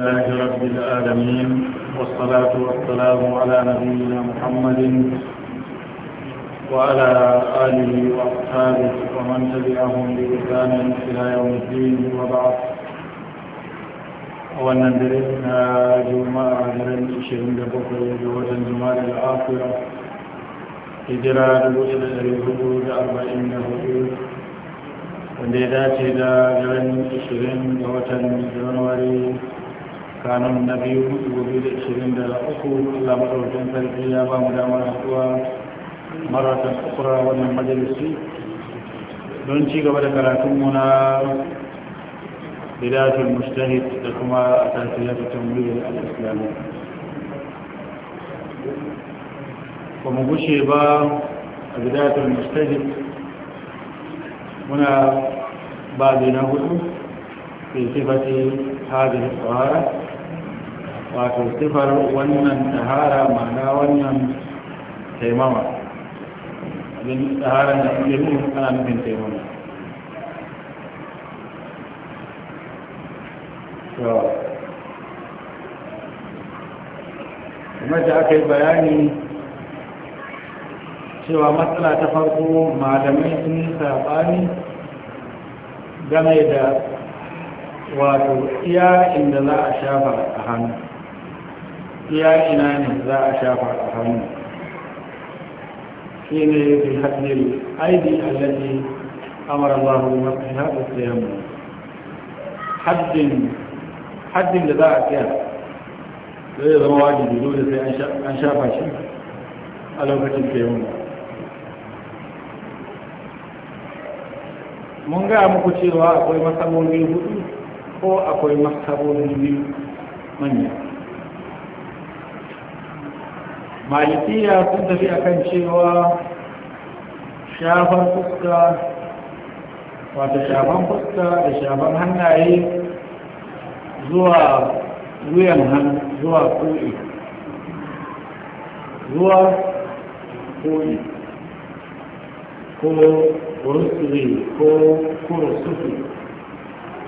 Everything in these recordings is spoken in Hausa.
الله رب العالمين والصلاة والسلام على نبينا محمد وعلى آله وأصحابه ومن تبعهم بإحسان إلى يوم الدين وبعد وننذرنا جمعة من شهر بكر جهود الجمعة الآخرة إجراء الوحدة أربعين يهود ونذاته دا جهود الشهر بكر جهود الجمعة kanun na biyu dubu da ishirin da uku allah madaukin sarki ya ba mu damar haɗuwa maratan ukura wannan majalisi don ci gaba da karatunmu na bidatul mustahid da kuma a tasirin tambayin al'islamu ba mu gushe ba a bidatul mustahid muna ba na hudu في صفة هذه الطهارة wato sifar wannan tahara ma'ana wannan taimama abin taharan da ake yi ana nufin taimama kuma da aka yi bayani cewa matsala ta farko malamai sun yi saɓani game da wato iya inda za a shafa a hannu iya ina ne za a shafa a hannu shi ne fi hajjil aidi allazi amara Allah bi masiha da siyamu mu haddin da za a tsaya zai zama wajibi dole sai an shafa shi a lokacin siyamu mun ga muku cewa akwai masaboni hudu ko akwai masaboni biyu manya malikiya sun tafi a kan cewa shafar fuska wata shafan fuska da shafan hannaye zuwa wuyan hannu zuwa kuri zuwa kuri ko rusuri ko kurusufi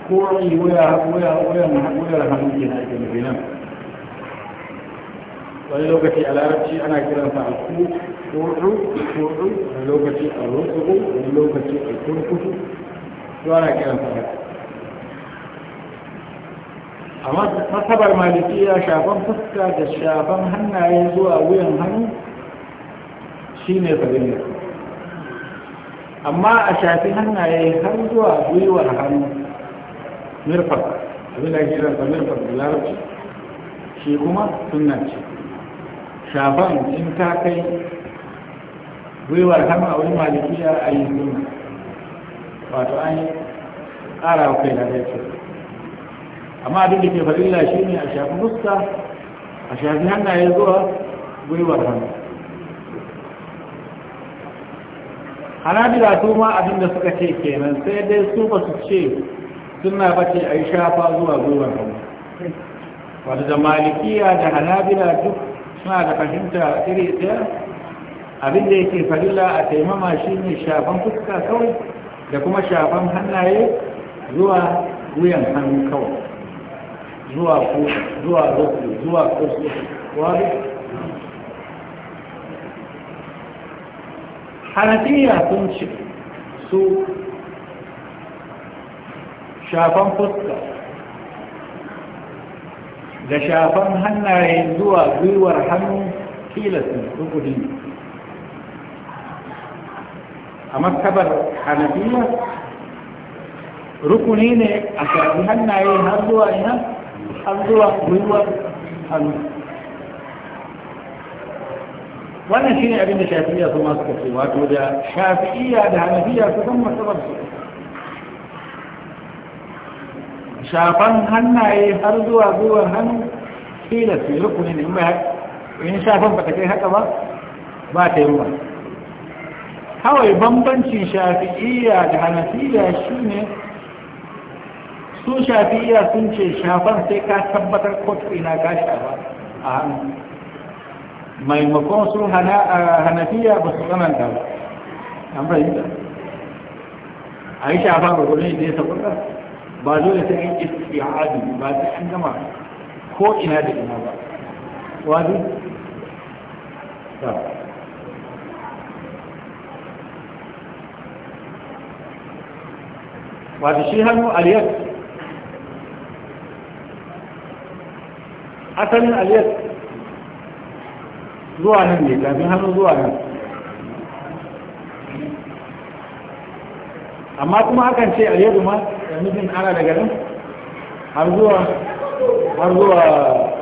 ko wuya wuyan hannu ke na ake nufinan wani lokaci a larabci ana kiransa a ku kudu kudu wani lokaci a rusuku wani lokaci a kurkutu su ana kiran haka A masabar ya shafan fuska da shafan hannaye zuwa wuyan hannu shine sabin amma a shafi hannaye har zuwa gwiwar hannu mirfar abin da kiransa mirfar da larabci shi kuma sunna ce shafan in ta kai gwiwar hannu a wani malikiya a yi zuwa wato an yi ƙara kai na zai amma abin da ke farilla shi ne a shafi musta a shafi hannaye zuwa gwiwar hannu hanabila su ma abin da suka ce kenan sai dai su ba su ce suna bace a yi shafa zuwa gwiwar hannu Wato da malikiya da hanabila duk suna da fahimta iri ɗaya abin da yake farilla a taimama shi ne shafan fuska kawai da kuma shafan hannaye zuwa wuyan hannu kawai zuwa ku zuwa rufu zuwa kusa wani hanafiya sun ce su shafan fuska da shafan hannayen zuwa gwiwar hannu tilasin rukuni ne a makabar hanafiya rukuni ne a shafi hannaye har zuwa ina har zuwa gwiwar hannu wannan shi ne abin da shafi'iya su masu kace wato da shafi'iya da hanafiya su san masu su shafan hannaye har zuwa zuwa hannu tilas ne rukuni ne mai in shafan ba ta kai haka ba ba ta yi ruwa. kawai bambancin shafi'iyya da hanafiya shine su shafi'iyya sun ce shafan sai ka tabbatar kotu ina ka shafa a hannu maimakon su hanafiya ba su da ba an fahimta a yi shafa ga gudun da sabon ba dole ta a isti'adu ba ta an gama ko ina da ina ba Ba ta shi hannu aliyar asalin aliyar zuwa nan ne kafin hannu zuwa nan amma kuma akan ce aliyar ma nufin ana daga nan har zuwa har zuwa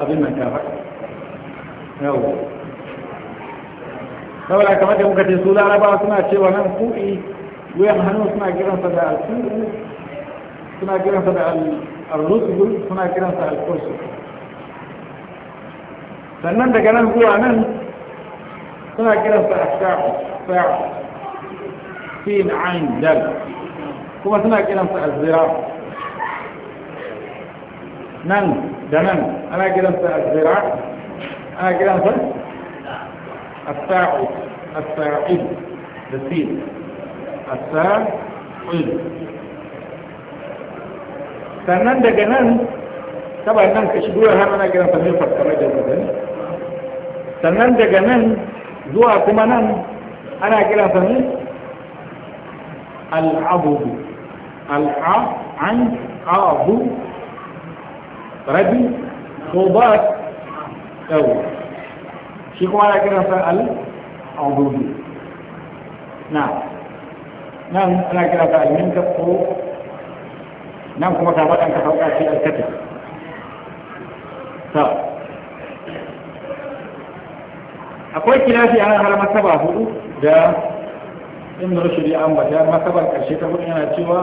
abin nan kafa yau saboda kamar da muka ce su laraba suna cewa nan kuɗi wuyan hannu suna kiransa da alku'u suna kiransa da al suna kiransa al-kursu sannan daga nan zuwa nan suna kiransa a sha'u sha'u fi na'ayin dal kuma suna kiransa azira nan da nan ana kiransa azira ana kiransa asa'u asa'u da sin asa'u sannan daga nan taba nan ka shigo har ana kiransa mai fakkar da gudun sannan daga nan zuwa kuma nan ana kiransa ne al'abudu الع عن عاض ربي مضاد أو شيء على كده فعل عضوي نعم نعم على كده فعل من تفقه نعم كما تعبت أن تفوق في الكتب طب akwai kilafi a har masaba hudu da ibn rushd ya ambata masabar karshe ta hudu yana cewa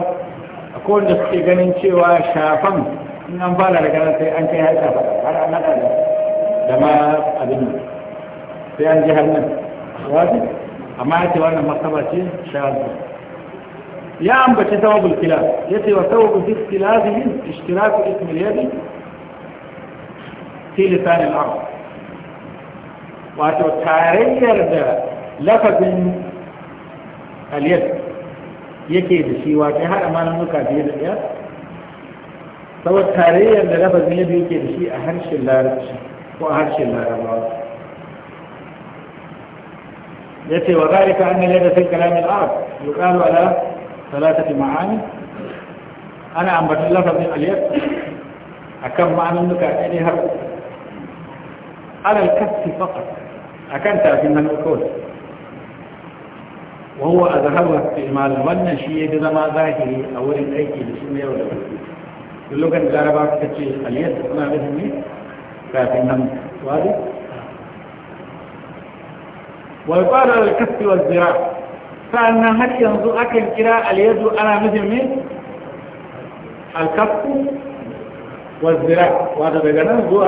Ko wanda suke ganin cewa shafan in an fara daga nan sai an kai har ba har an haɗa da da ma abin sai an ji har nan wasu amma ya ce wannan makaba ce shafa ya ambaci sababul kilaf ya ce wa sababul ikhtilafihim ishtiraku ismil yadi fi lisan al-arab wato tarayyar da lafazin al yake da shi wa kai hada muka biyar da biyar saboda tarayyar da lafazin yadda yake da shi a harshen larabci ko a harshen larabawa ya ce wa zalika an yadda sai kalamin arab yuqalu ala salatati ma'ani ana ambatar lafazin aliyar akan ma'anonuka ɗaya har alal kasfi faqat akan tafin nan kawai وهو أذهب في المال ولن شيء إذا ما ذاكره أول الأيكي لسنة ولا كل لغة الجاربة كتشي الخلية تقنع بهم كافي نم وادي ويقال الكف والزراع فأن هل ينظر أكل كراء اليد أنا مثل من الكف والزراع وهذا بيجانا زوء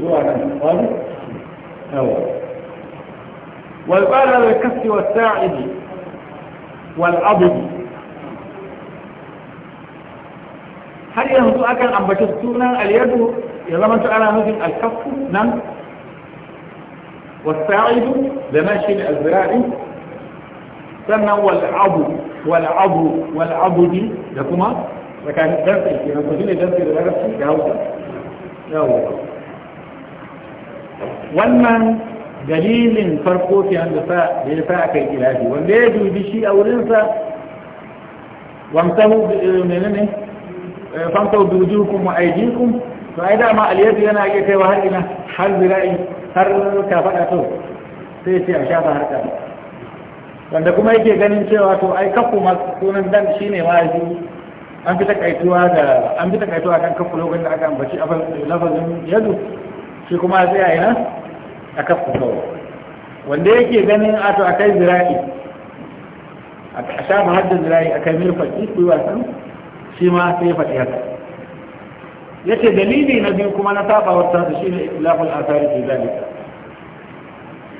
زوء أنا وادي أول ويقال الكف والساعدي والعبد har yanzu akan ambaci sunan alyadu ya zama ta ana nufin alkafu nan wasa'idu da nan shi ne azra'i sannan wal'abu wal'abu wal'abudi da kuma tsakanin dansa ke nan su ne dansa da larabci da hausa wannan dalilin farko ke da ya sa aka yi ilahi wanda ya dubi shi a wurinsa wamsahu menene famsau dujukum wa aydikum to ai dama aliyadu yana iya kaiwa har ina har zira'i har ka faɗa to sai ce a shafa har ka wanda kuma yake ganin cewa to ai kafu ma sunan dan shine ma shi an fi takaituwa da an fi takaituwa kan kafu lokacin da aka ambaci lafazin yadu shi kuma sai a ina a kafa kawai wanda yake ganin a to a kai zira'i a sha mahadda zira'i a kai milfa ku wasan shi ma sai ya faɗi haka ya ce dalili na biyu kuma na wata da shi ne itilafin asari ke zalika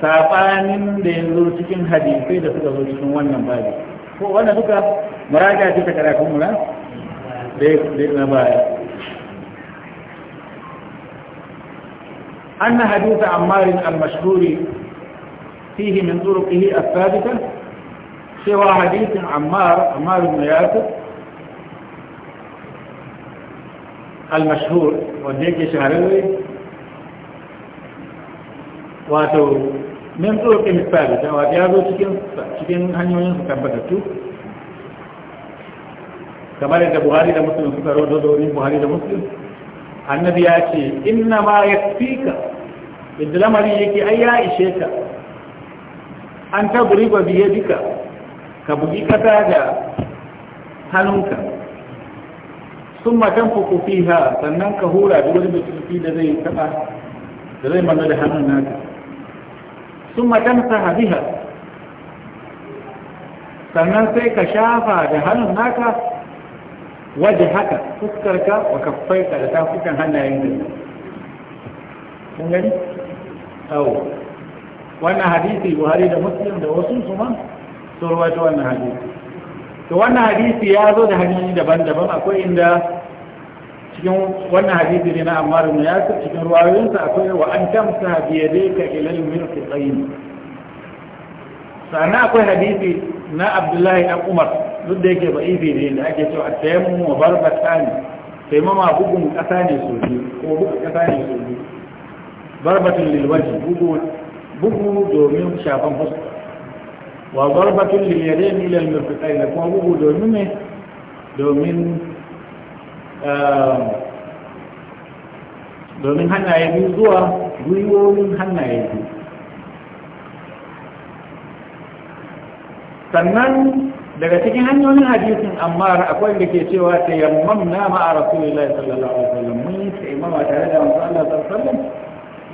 saɓanin da ya zo cikin hadisai da suka zo cikin wannan babi ko wanda duka muraja ce ta karatun mura da na baya أن حديث عمار المشهور فيه من طرقه الثابتة سوى حديث عمار عمار بن ياسر المشهور وديك شهروي واتو من طرق الثابتة واتو يازو cikin hanyoyin su tabbatattu kamar yadda buhari da muslim suka rodo annabi ya ce inna ma ka yadda lamarin yake ai ya ishe ka an ta ba biye duka ka bugi kasa da hannunka sun matan fuku ha sannan ka hura da wani mutunci da zai taba da zai manna da hannun naka sun matan sahabiha sannan sai ka shafa da hannun naka waje haka fuskarka wa kaffarka da tafukan hannayen ka Sun gani awo wannan hadisi buhari da muslim da wasu su ma sun rawaito wannan hadisi to wannan hadisi ya zo da hanyoyi daban-daban akwai inda cikin wannan hadisi ne na amma Ammar ya su cikin ruwayoyinsa akwai wa an tamsa dai ka ilal al-mirfiqayn sannan akwai hadisi na Abdullahi dan Umar duk da yake ba'ibi ne da ake cewa tayammu wa barbata ne taimama bugun kasa ne so biyu ko bugun kasa ne so biyu barbatun lilwaji bugu domin shafan fuska wa barbatun lilyade ne ilal mirfitai da kuma bugu domin ne domin eh, domin hannaye biyu zuwa gwiwoyin hannaye biyu sannan daga cikin hanyoyin hadisin amma akwai da ke cewa ta yammam na ma'ara ma'a lai sallallahu alaihi wasallam mun ta imama tare da wasu Allah sarsallin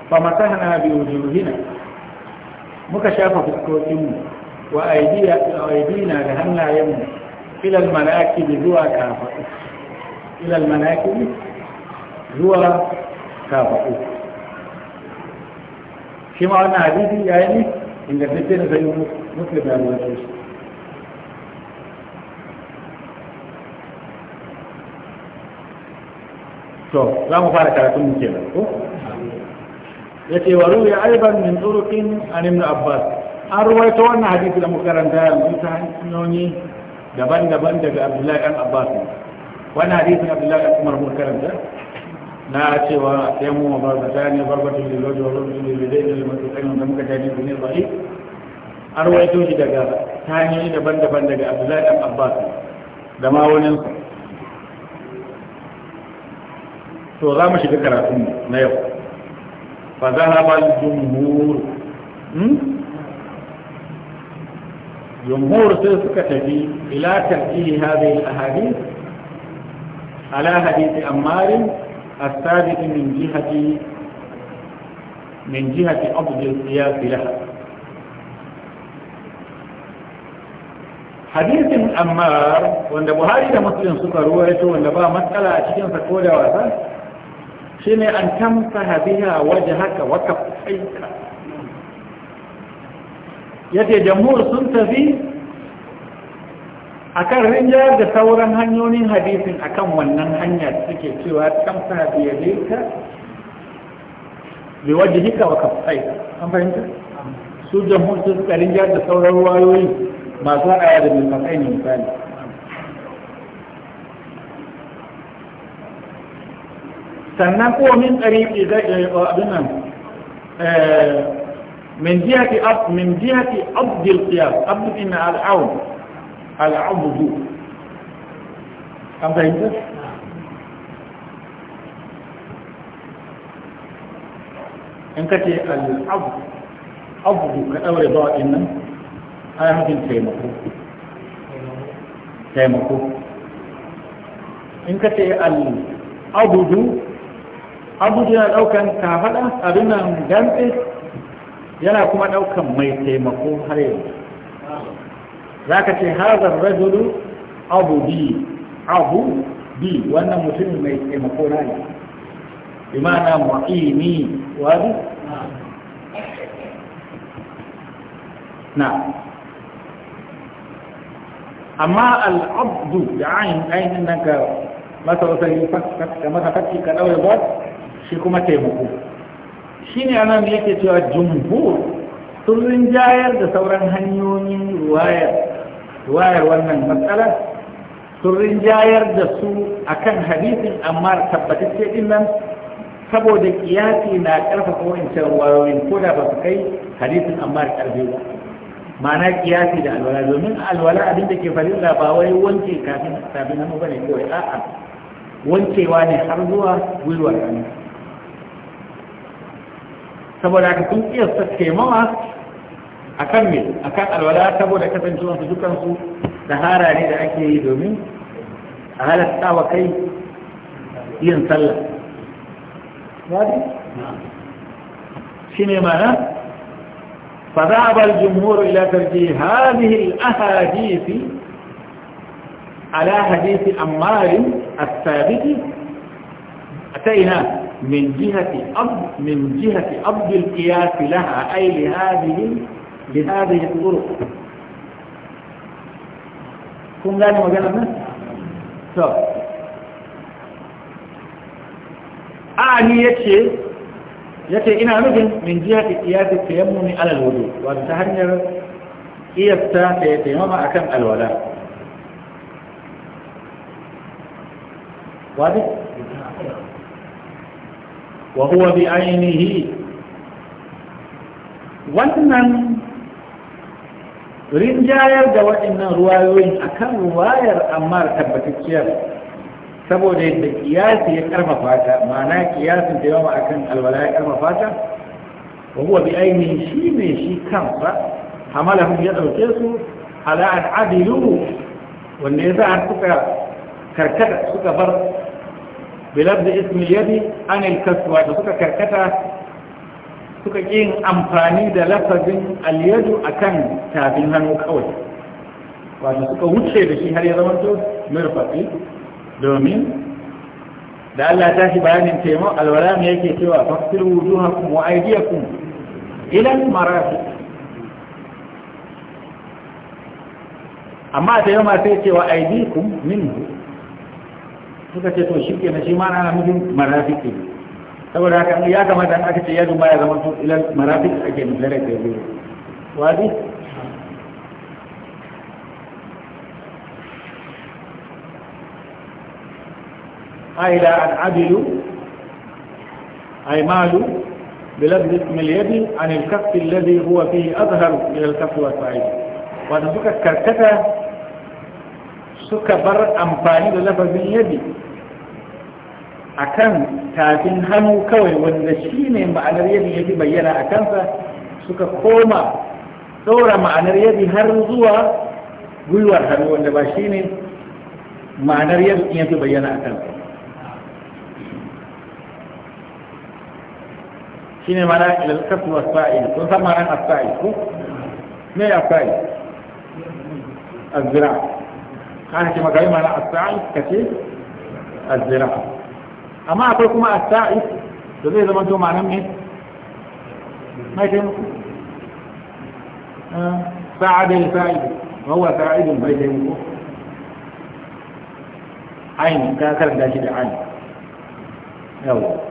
ba wasallam hana biyu bi wujuhina muka shafa fuskokinmu wa aidiya aidina da hannayenmu ilal ila al zuwa kafa ilal al-manakib zuwa kafa shi ma wannan hadisi ya yi ne inda fitin sai muslim ya rawaito shi to za mu fara karatun mu kenan ko yace wa ruya aiban min turuqin an ibn abbas an ruwaito wannan hadisi da ya yanzu ta hanyoyi daban-daban daga abdullahi dan abbas wannan na abdullahi dan umar mukaranta na cewa sai mu barbata ne barbatun da wa rubutun lilidai da limatukan da muka jani ne zai an ruwaito shi daga ta hanyoyi daban-daban daga abdullahi dan abbas da ma wani to za mu shiga karatun na yau fa zahaba al-jumhur jumhur sai suka tafi ila tafsiri hadhihi al-ahadith ala hadith ammar al sadiq min jihati من جهة أفضل القياس لها hadisin ammar wanda buhari da muslim suka ruwaito wanda ba matsala a cikin sa ko da wasa shi ne an kamsa biha waje haka waka fuskaita ya jamhur sun tafi a kan rinjayar da sauran hanyoyin hadisin a kan wannan hanyar suke cewa tamsaha ne ta, bi waje hika waka fuskaita an fahimta su jamhur sun rinjayar da sauran wayoyi masu haɗa da mai matsayin misali sannan kuwa min tsariƙi abin nan min jihati ab min jihati abdul qiyas abdul inna al-aun al-abdu an fahimta in ka ce al-abdu abdu ka daure ba nan ai hakin taimako taimako in ka ce al-abdu hagu yana daukan kafaɗa abin nan dantse yana kuma ɗaukan mai taimako har yanzu za ka ce hazar rajulu abu bi abu bi wannan mutum mai taimako na ne imana mu'ini wani na amma al'abdu da ainihin nan ka masa wasan yi masa fakki ka ɗaure ba shi kuma taimako shi ne ana mai yake cewa jumhur sun jayar da sauran hanyoyin ruwayar wannan matsalar sun jayar da su akan hadisin amma tabbatacce din nan saboda kiyasi na ƙarfafa wancan wayoyin ko da ba su kai hadisin amma ƙarfi ba ma'ana kiyasi da alwala domin alwala abin da ke farilla ba wai wanke kafin kafin hannu bane kawai a'a wankewa ne har zuwa gwiwar hannu saboda haka sun iya taimama a kan mil a kan alwala saboda kasancewarsu dukansu sahara ne da ake yi domin a halatta wa kai yin sallah shi ne mana فذهب الجمهور إلى ترجيح هذه الأحاديث على حديث أمار الثابت أتينا من جهة أرض من جهة أرض القياس لها أي لهذه لهذه الظروف كم لا مجانا طب أعني آه، يتشي يتشي إنا مجن من جهة قياس التيمم على الوجود هي قياستا تيمم أكم الولاء واضح؟ wa huwa bi ainihi wannan rinjayar da waɗannan ruwayoyin akan ruwayar amma tabbatacciyar saboda yadda kiyasi ya karfafa ta ma'ana kiyasin da yawa akan alwala ya karfafa ta wa huwa bi ainihi shi ne shi kansa hamalahum ya dauke su ala an adilu wanda yasa har suka karkata suka bar bilabda ismil yadi an ilkasuwa da suka karkata suka yin amfani da lafazin alyadu a kan tafin hannu kawai wato suka wuce da shi har ya zama to mirfafi domin da Allah ta shi bayanin temo alwala ne yake cewa fasir wujuhakum wa aydiyakum ila marafiq amma da yamma sai cewa aydikum minhu suka ce to shi ke na shi ma ana nufin marafiki saboda haka ya kamata an aka ce yadu ma ya zama to ilal marafiki ake misalar da yau wadi أهلا أن عدلوا أي مالوا بلفظ اسم اليد عن الكف الذي هو فيه أظهر من الكف والسعيد وأن تلك الكركتة suka bar amfani da lafazin yadi a kan tafin hannu kawai wanda shi ne ma'anar yadi ya fi bayyana a kansa suka koma ɗora ma'anar yadi har zuwa gwiwar hannu wanda ba shi ne ma'anar yadi ya fi bayyana a kansa shi ne mana ilalkasu sa'il sun san ma'anar asfa'il ko me a zira'a ana ce maka yi mana asa'is ka ce azzira amma akwai kuma asa'is da zai zama to ma'anan ne mai ce muku sa'adin sa'id wawa sa'idin bai ce muku ayin ka karanta shi da ayin yawa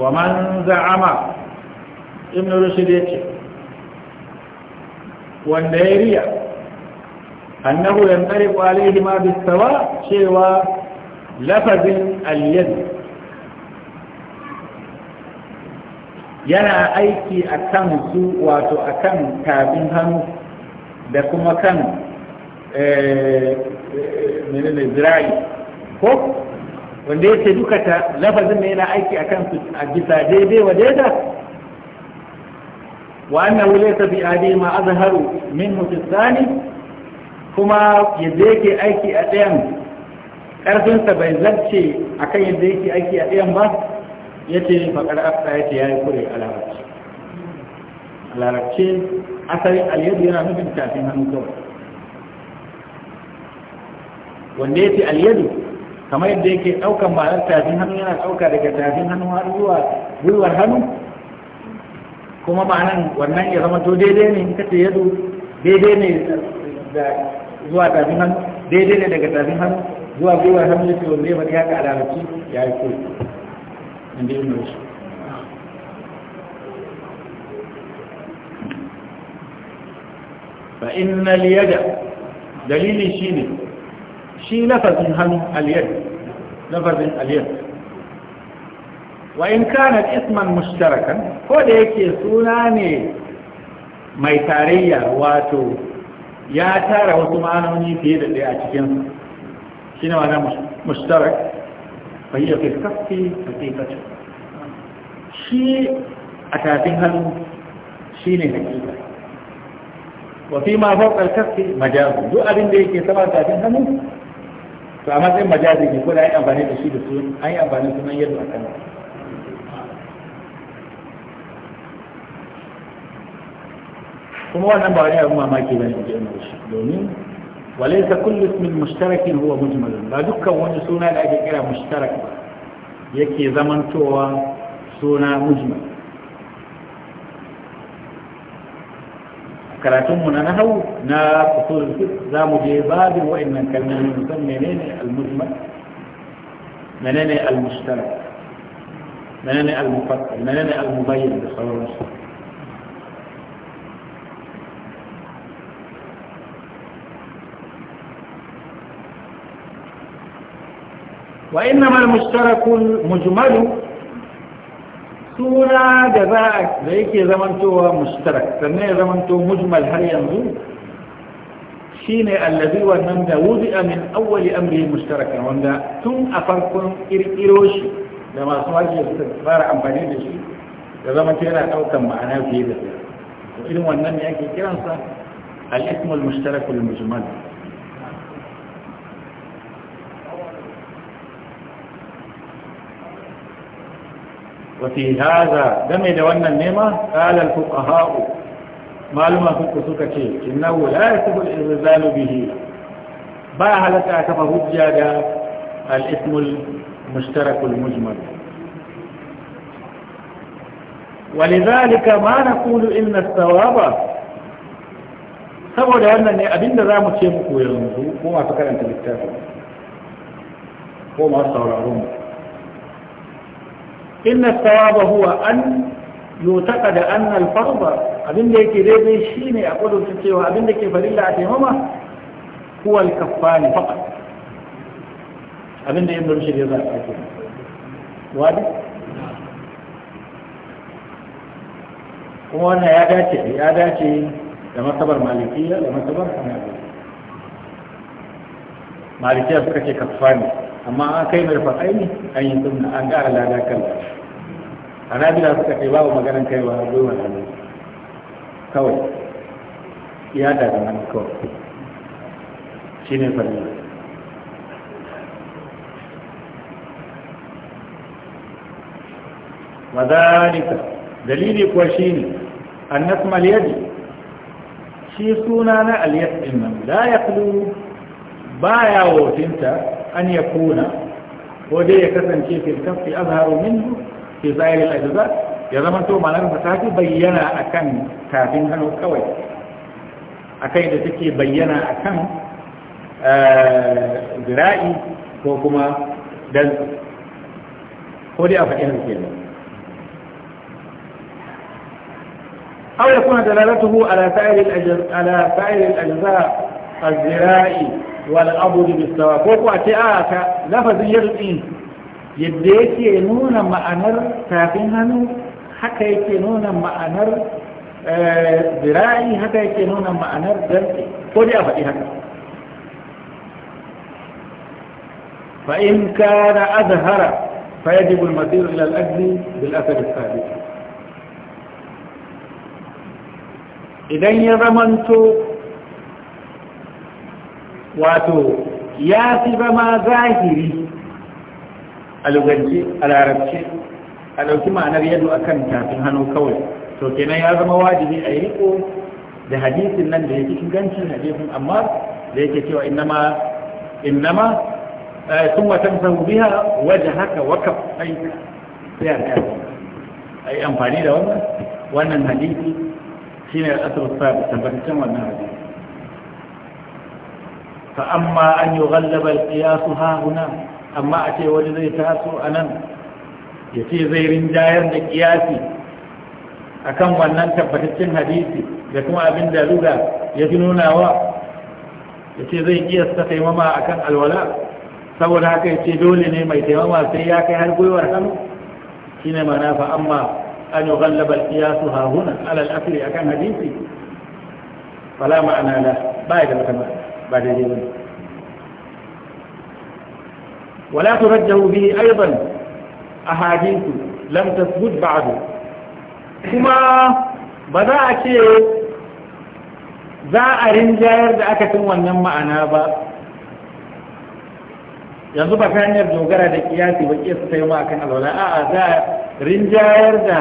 ومن زعم ابن رشد يكشف wanda ya riya annahu yantariqu alayhi ma bisawa cewa lafazin al yana aiki kan su wato a kan tafin hannu da kuma kan eh, menene zira'i ko wanda yake duka ta lafazin da yana aiki kan su a bisa daidai wa daidai وأنه ليس بآدي ما أظهر منه في الثاني كما يزيك أيكي أتيم ƙarfinsa bai zarce a kan yadda yake aiki a ɗayan ba ya ce faƙar afta ya ce ya yi kure a larabci asalin alyadu yana nufin tafin hannu kawai wanda ya ce alyadu kamar yadda yake ɗaukan ma'anar tafin hannu yana ɗauka daga tafin hannu har zuwa gwiwar hannu kuma nan wannan ya zama to daidai ne ka ce yadu daidai ne da zuwa tafi hannu daidai ne daga tafi hannu zuwa gwiwa hannu ce wanda ya faɗi haka a ya yi in inda yi nuna shi فإن اليد دليل شيني شي لفظ هن اليد لفظ اليد wa in kana isman mushtarakan ko da yake suna ne mai tarayya wato ya tara wasu ma'anoni fiye da ɗaya a cikin shi ne wannan mushtarak fahiyar fiskafi a tsaikacin shi a tafin hannu shi ne hakika fi ma faukar kafi majazi duk abin da yake sama tafin hannu to a matsayin majazi ne ko da an yi amfani da shi da su an yi amfani sunan yadda a kan kuma wannan ba wani abin mamaki ba ne da yana shi domin walaisa kullu ismin mushtarakin huwa mujmal ba dukkan wani suna da ake kira mushtarak yake zamantowa suna mujmal karatunmu na nahawu na usul za mu je babin wa'annan kalmomi musan menene al-mujmal menene al-mushtarak menene al-mufassal menene al-mubayyin da sauransu wa inna mal mushtarakul mujmalu suna da za a da yake zamantowa mushtarak sannan ya zamanto mujmal har yanzu shine allazi wannan da wuzi'a min awwali amri mushtarakan wanda tun a farkon kirkiro shi da masu wajen suka fara amfani da shi da zama yana ɗaukan ma'ana fiye da irin wannan ne ake kiransa al-ismul mujmal وفي هذا دمي دوان النعمة قال الفقهاء معلومة فقسوكة إنه لا يسب الإغزال به باها لك أكفه الجادة الإثم المشترك المجمل ولذلك ما نقول إن الثواب سبب لأن أبن نظام الشيء مكوين هو ما فكر أنت بالتافة هو ما أصدر أرومك inna thawaba huwa an yutaka da anna al-farda abin da yake daidai shine a kudurta cewa abin da ke farilla a taimama huwa al-kaffani faqat abin da ibn rushd ya zaka ce wadi kuma wannan ya dace ya dace da masabar malikiya da masabar hanafi malikiya suka ce kaffani amma an kai mai fa'aini an yi sunna an gara da kallon hanabila suka ce babu maganan kai ba wani hannu kawai ya daga hannu kawai shi ne farilla mazalika dalili kuwa shi ne an nasma aliyadi shi suna na aliyadin nan la ya kulu ba ya wotinta an ya kuna ko dai ya kasance kafi azharu minhu ke zayar da ajiza ya zama to malamta ta fi bayyana akan kafin tafin hannu kawai a kai da take bayyana akan kan zira'i ko kuma ko dai a nan. suke ne hau da kuna dalalatuhu ala sa'irin ajiza a zira'i wal abu da bisawa ko a ce a ta lafazin yadda yadda yake nuna ma'anar tafin hannu haka yake nuna ma'anar zira'i haka yake nuna ma'anar zarfe ko dai a faɗi haka فإن كان أظهر فيجب المسير إلى الأجل بالأثر الثابت idan ya zamanto wato ya fi zama zahiri a lugance a larabce a ɗauki ma'anar yadda kan tafin hannu kawai to kenan ya zama wajibi a yi riko da hadisin nan da yake ingancin hadisin amma da yake cewa innama innama eh, sun watan sahu biya wajen haka waka sai sai a yi amfani da wannan wannan hadisi shine asal sabu tabbataccen wannan hadisi fa amma an yughallaba al-qiyas ha huna amma a ce wani zai taso a nan ya ce zai rinjayar da kiyasi a kan wannan tabbataccen hadisi da kuma abin da ruga ya fi nunawa ya ce zai kiyasta taimama a kan alwala saboda haka ya ce dole ne mai taimama sai ya kai har gwiwar hannu shi ne mana fa amma an yi labar kiyasu hahuna alal asiri a kan hadisi fala ma'ana ba ya da wata ba daidai ba ولا ترجه به أيضا أحاديث لم تثبت بعد كما بذاك za a rinjayar da aka cin wannan ma'ana ba yanzu ba ta hanyar dogara da kiyasi ba kiyasa ta yi ma akan alwala a'a za a rinjayar da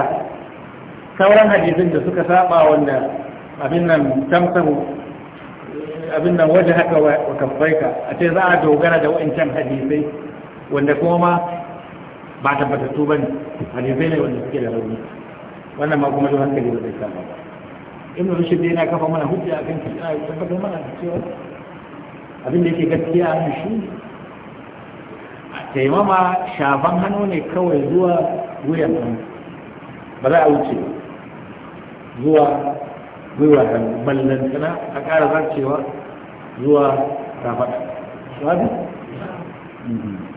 sauran hadisin da suka saba wanda abin nan tamsan abin nan waje haka wa kafaika a ce za a dogara da wa'ancan hadisai wanda kuma ma ba tabbatattu ba ne hadisai ne wanda suke da rauni wannan ma kuma don hankali ba zai ba ba rushe da yana kafa mana hujja kan shi a tabbatar mana da cewa abin da yake gaskiya a shi taimama shafan hannu ne kawai zuwa wuyan hannu ba za a wuce zuwa gwiwa hannu ballantana a ƙara zarcewa zuwa rafaɗa. Sabi? Mm-hmm.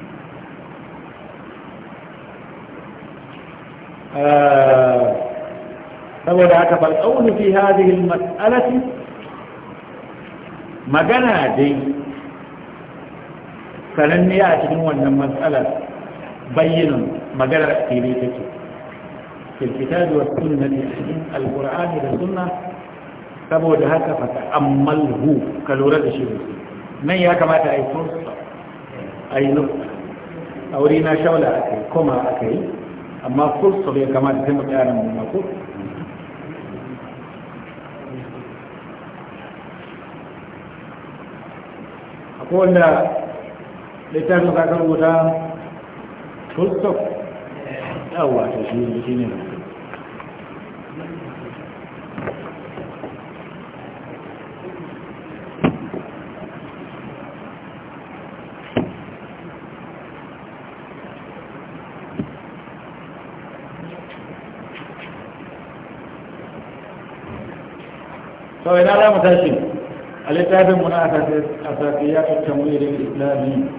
saboda haka fal fi hadhihi al mas'alati magana dai sananne a cikin wannan matsalar bayyanin maganar fili take fil kitabi was sunnati cikin alqur'ani da sunna saboda haka fa ta'ammalhu ka lura da shi nan ya kamata a yi fursa a yi nufa a wuri na shaula a kai, koma a kai. amma kursu bai kamata sai mu yaran nan ba ko akwai wanda littafin kakar rubuta kursu yawa ta shi ne sau ina za mu a littafin muna a tafiya a tafiya a tafiya islami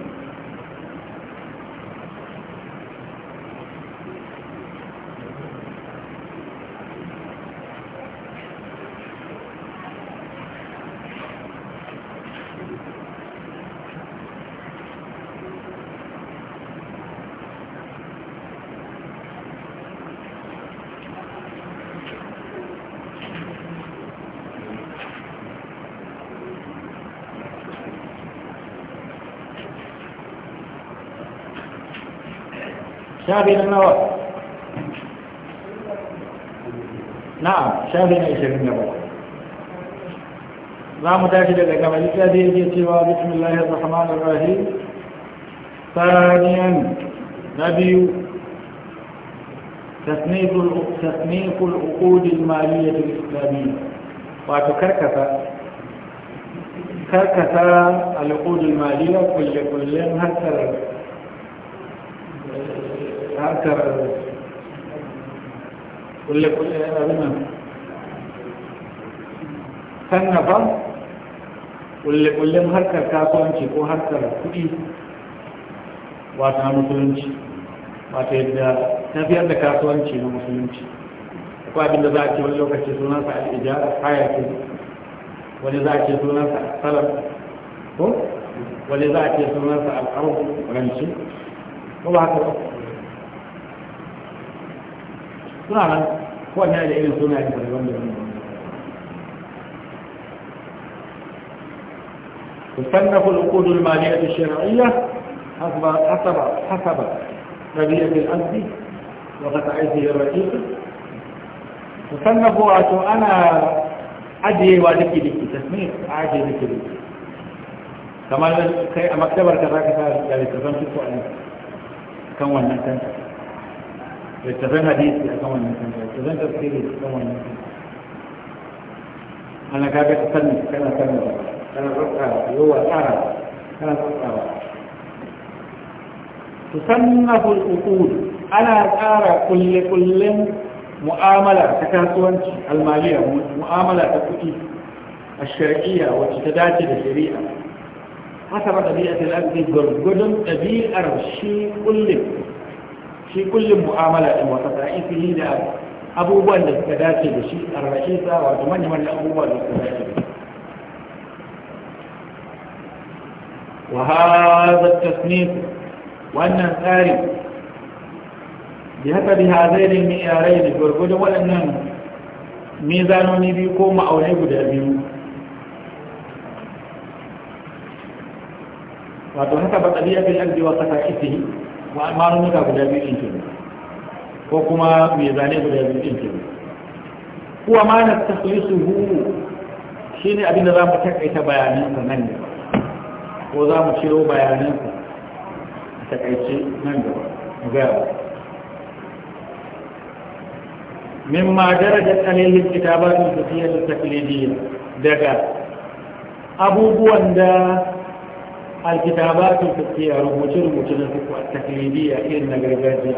شهرين النواب نعم شهرين عشرين النوار لا متأكد لك ملك هذه سوى بسم الله الرحمن الرحيم ثانيا نبي تصنيف تصنيف العقود المالية الإسلامية وتكركس كركس العقود المالية كل كل هكذا harkar kulle-kulle ya nan sannafa kulle-kullen harkar kasuwanci ko harkar kuɗi wata musulunci wata yadda tafiyar da kasuwanci na musulunci ko da za a ce wani lokaci sunansa al'ijara hayaki wani za a ce sunansa salar ko wani za a ce sunansa al'arun ranci ko ba haka ba suna nan kowanne da irin suna da daban daban تصنف العقود المالية الشرعية حسب حسب حسب طبيعة العبد وقطعته الرقيق تصنف واتو أنا أجي وادكي لكي تسمير أجي لكي لكي kamar kai a maktabar ka za ka sa da a kan wannan اتفقنا دي تتكون من كم تفسير تتكون من كم انا كان بيتكلم كان كان كان الرقعه اللي هو العرب كان الرقعه تصنف الاصول انا ارى كل كل مؤامله تكاسوان الماليه معامله تكوتي الشرعية وتتداتي للشريعة حسب طبيعة الأرض جدن طبيعة الشيء كله shi kullum mu'amala da wata ta'ifihi da abubuwan da suka dace da shi arrashe sa wato manyan abubuwan da suka dace da wa hadha tasnif wannan tsari bi haka bi hazaini mi yarai da gurgudu waɗannan mizanoni biyu ko ma'aunai guda biyu wato haka ba tabi'a bil ardi wa sakaihi marunuka guda biyu ɗin kenan ko kuma mai zane guda biyu ɗin kenan kuwa ma na tasirisu hu shi ne abinda za mu takaita bayanansa nan gaba ko za mu ciro bayanansa a takaice nan gaba Min ma darajar alilin kitabar da tafiyar da taklidiyya daga abubuwan da الكتابات الفقهية رموتين رموتين الفقه التقليدية إلنا قرداجية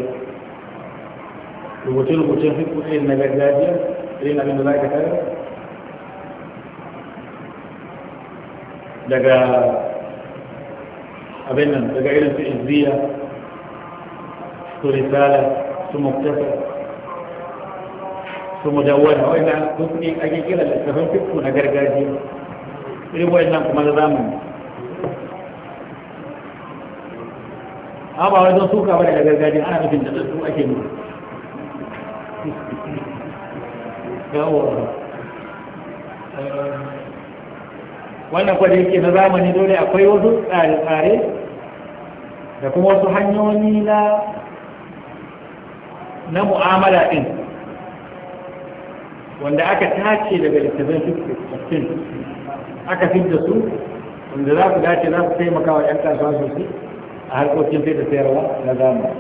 رموتين رموتين الفقه إلنا قرداجية إلنا من الله كتابة لقى أبنا لقى إلنا في إذبية في رسالة ثم اكتفر ثم دوانا وإلنا كنت أجيكي لأستفن فقه نقرداجية إلنا كمال رامن a ba wai don suka bane da gargajiya ana nufin da su ake nuna yawa wannan kwadai ke na zamani dole akwai wasu tsare-tsare da kuma wasu hanyoyi na na mu'amala din. wanda aka tace daga littattafan fitin aka fit da su wanda za ku dace za su taimaka wa 'yan kasuwa sosai هل أتم في تسيرة نظامة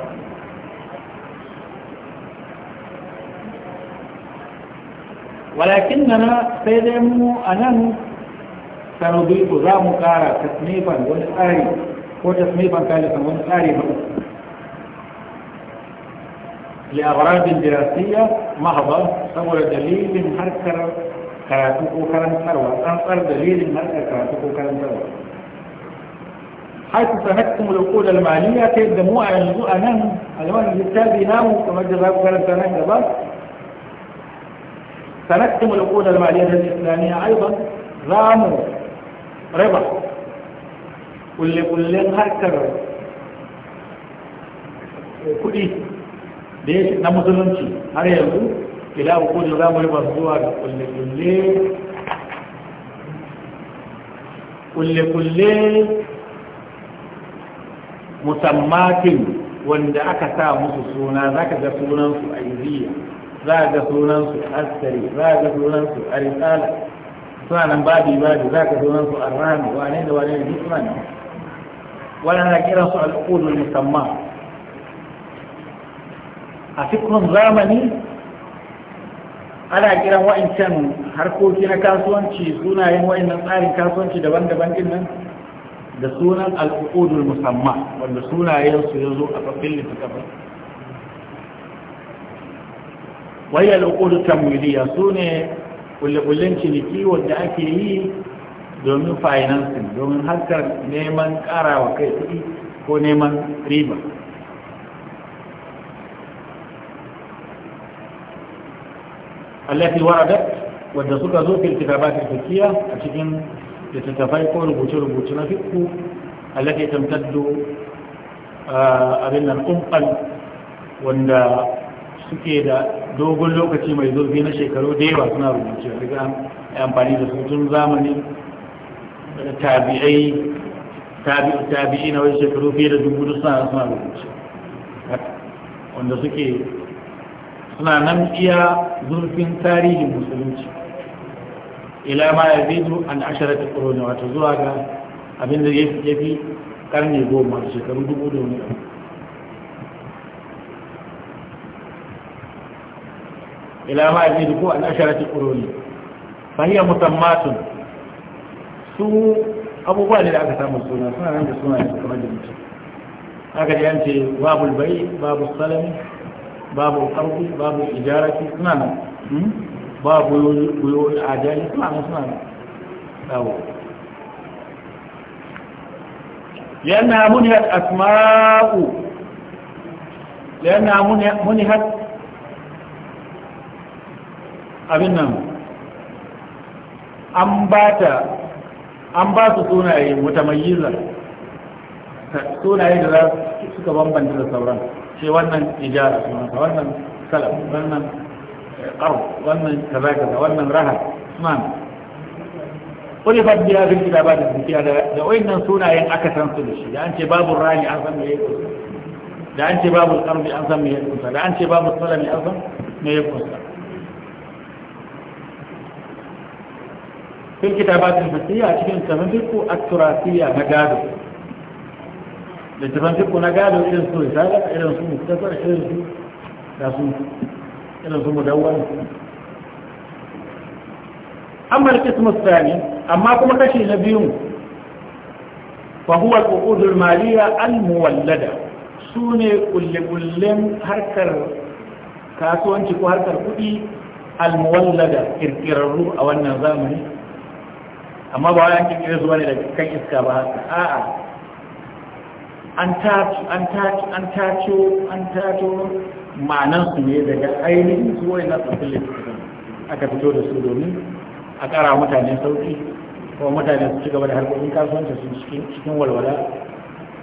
ولكننا سيدهم أنه سنضيف ذامك على تصنيفا ونسأري هو تصنيفا ثالثا ونسأري لأغراض دراسية مهضة صور دليل حركة كراتوكو كرنسر وأنصر دليل حركة كراتوكو كرنسر حيث فهدتم الوقود المالية كيف دموع ينزو نام ألوان الكتاب يناموا كما جرابوا كلام كلام كلام سنكتم العقود المالية الإسلامية أيضا راموا ربا واللي كلين هكر كudi ليش ya na musulunci har yanzu ila hukun za mu riba واللي da kulle musammatin wanda aka sa musu suna za ka ga sunansu a iziya za ga sunansu Asari, za ga sunansu a risala suna nan babi babi za ka sunansu a rami wane da wane da duk nan na kira su al'udul musamma a cikin zamani ana kiran wa'ancan harkoki na kasuwanci sunayen wa'annan tsarin kasuwanci daban-daban din nan da sunan al'udul musamman wanda sunayensu ya zo a fafin littattafai wai al'udul tamwiliya su ne ƙulle-ƙullen ciniki wanda ake yi domin financing domin harkar neman ƙarawa kai kuɗi ko neman riba Allah allafi waradat wadda suka zo filkita ba ta a cikin littattafai ko rubuce-rubuce na fiku allake tamtaddo ah, abin nan kumfal wanda suke da dogon lokaci mai zurfi na shekaru da yawa suna rubuce riga amfani da su tun zamani tabi'ai tabi'i na wani shekaru fiye da dubu suna suna rubuce wanda suke suna nan iya zurfin tarihin musulunci ila ma ya zidu an asharar ta ƙoroni wato zuwa ga abin da ya fi ƙarni goma da shekaru dubu da wani ila ma ya zidu ko an asharar ta ƙoroni fahiyar mutammatun su abubuwa ne da aka samu suna suna nan da suna ne kamar da mutum aka ji yance babu bai babu salami babu ƙarfi babu ijarati suna nan hmm? ba buyoyi a jari fulani suna dawo yana muniyar asma'u yana muniyar abin nan an ba ta an ba su sunaye mutamayyizar sunaye da za suka bambanta da sauran Shi wannan ijara sunansa wannan salam wannan قرض ومن تبادل ومن رهن تمام قلت بها في الكتابات الزكيه لوين ننسونا ان إن اكثر من كل شيء لان باب الراني اعظم من يكون لان باب القرض اعظم من يكون لان باب الظلم اعظم من يكون في الكتابات الفقهيه اكيد كمان بيكو التراثيه نجادو لتفهم تكون نجادو ايه السوء هذا ايه السوء مختصر ايه السوء irin su mudawwal amma al-qismu amma kuma kashi na biyu fa huwa al-uqud al-maliya al-muwallada sune kullullin harkar kasuwanci ko harkar kuɗi al-muwallada a wannan zamani amma ba wani an kirkire su daga kan iska ba a'a an tatu an tato an tato an tato ma'anar su ne daga ainihin su wai na tsafin littattafan aka fito da su domin a kara mutane sauƙi kuma mutane su ci gaba da harkokin kasuwanci su cikin walwala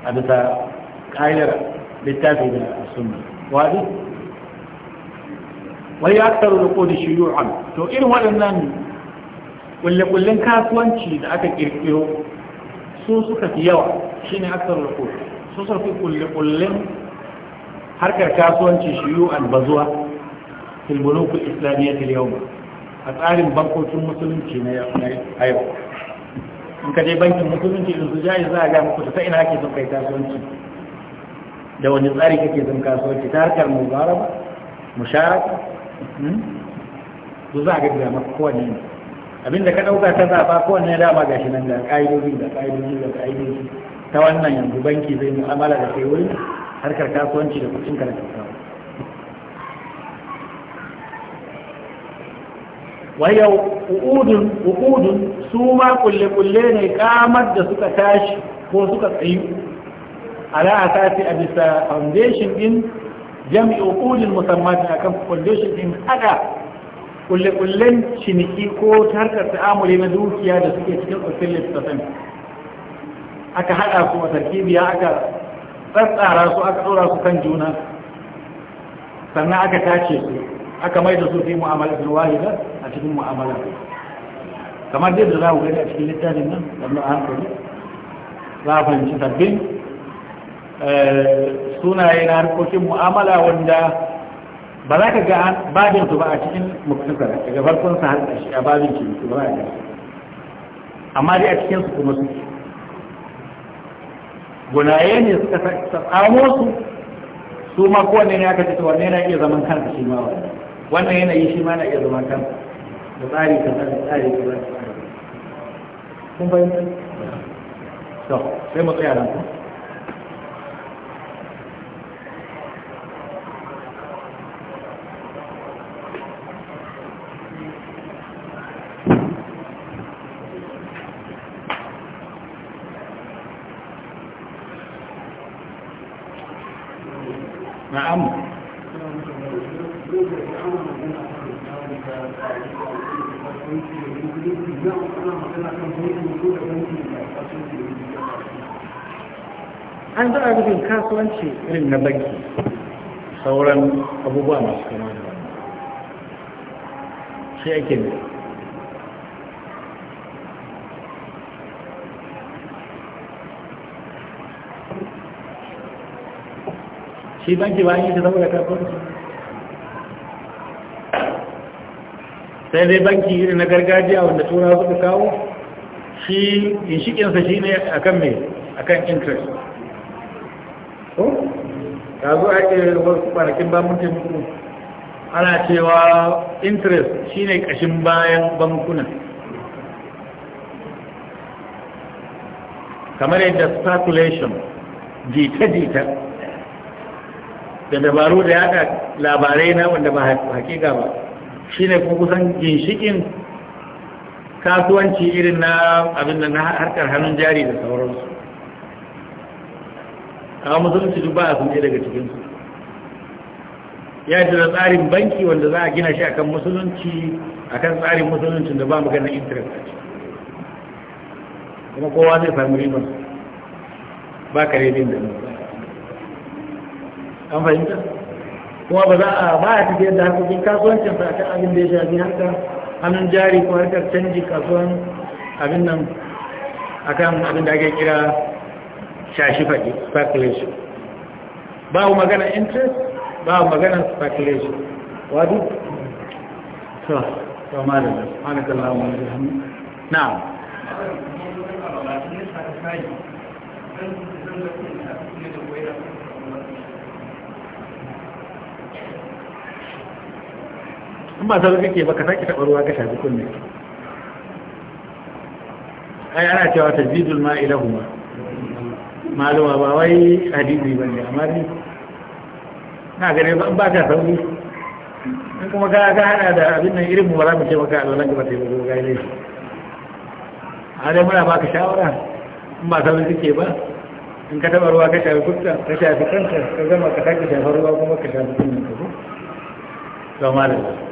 a bisa ƙayar littafi da sunna wadi wai ya tsaro da kodi shuyu'an to irin waɗannan kulle-kullen kasuwanci da aka ƙirƙiro sun suka fi yawa shine aksar kodin. su sun fi kulle harkar kasuwanci shiyu albazuwa filbunukul islamiyyatul yau a tsarin bankokin musulunci na yau in ka je bankin musulunci in su jayi za a ga muku ta ina ake sun kai kasuwanci da wani tsari kake sun kasuwanci ta harkar mubaraba musharaka su hmm? za a ga gama kowane ne abinda ka ɗauka ta zaɓa kowane dama gashi nan da ƙa'idodi da ƙa'idodi da ƙa'idodi ta wannan yanzu banki zai mu'amala da kai wurin harkar kasuwanci da kudin ka da kyautawa wayau U'udun uqudun su ma kulle kulle ne kamar da suka tashi ko suka tsayu ala asasi a bisa foundation din jami'i uqudin musamman akan foundation din hada kulle kullen ciniki ko harkar ta'amuli na dukiya da suke cikin usulin tsasan aka haɗa su a tarkibiya aka tsatsara su aka ɗora su kan juna sannan aka tace su aka mai da su fi mu'amala fil wahida a cikin mu'amala kamar dai da za ku gani a cikin littafin nan da nuna a hankali za a fahimci sabbin eh, sunaye na harkokin mu'amala wanda ba za ka ga babin su ba a cikin muktasar daga farkon sa har ƙarshe a babin ba za ka amma dai a cikin su kuma suke gunaye ne suka tsamo su su ma kowanne ne aka ce wanne yana iya zaman kansa shi ma wannan wannan yanayi shi ma na iya zaman kansa da tsari ka ka tsari ka da kun bayyana to sai mu tsaya nan an za a kasuwanci irin na banki sauran abubuwa masu kama da wannan shi ake ne shi banki ba an yi ta zama da kasuwanci sai dai banki irin na gargajiya wanda tura suka kawo shi ginshikinsa shi ne a kan mai a kan interest ko? ta zo ake wasu kwanakin bamun taimako ana cewa interest shi ne ƙashin bayan bankuna kamar yadda circulation jita-jita da dabaru da yada labarai na wanda ba hakika ba Shi ne kuma kusan ginshikin kasuwanci irin na abin da na harkar hannun jari da sauransu a musulunci duk ba a sun daga cikinsu ya ce da tsarin banki wanda za a gina shi akan musulunci akan tsarin musuluncin da ba mu magana intanet a ciki kuma kowa zai sami ribar ba kare din da nan an fahimta kuma ba za a ba a tafiyar da harkokin kasuwancin sa ta abin da ya shafi harkar hannun jari ko harkar canji kasuwan abin nan akan abin da ake kira shashi faɗi speculation babu magana interest babu magana speculation wadu so to da subhanakallahu wa bihamdika Na. in ba zama kake ba ka sake taɓa ruwa ka shafi kunne ai ana cewa tajidul ma'ilahuma maluma ba wai hadisi ba ne amma ni na gane ba ba ka sauri in kuma ka ga hada da abin nan irin mu ba za mu ce maka ba ta yi ba ga ilai a dai muna baka shawara in ba sauri kake ba in ka taɓa ruwa ka shafi fuska ka shafi kanka ka zama ka sake shafi ruwa kuma ka shafi kunne ka ko to malam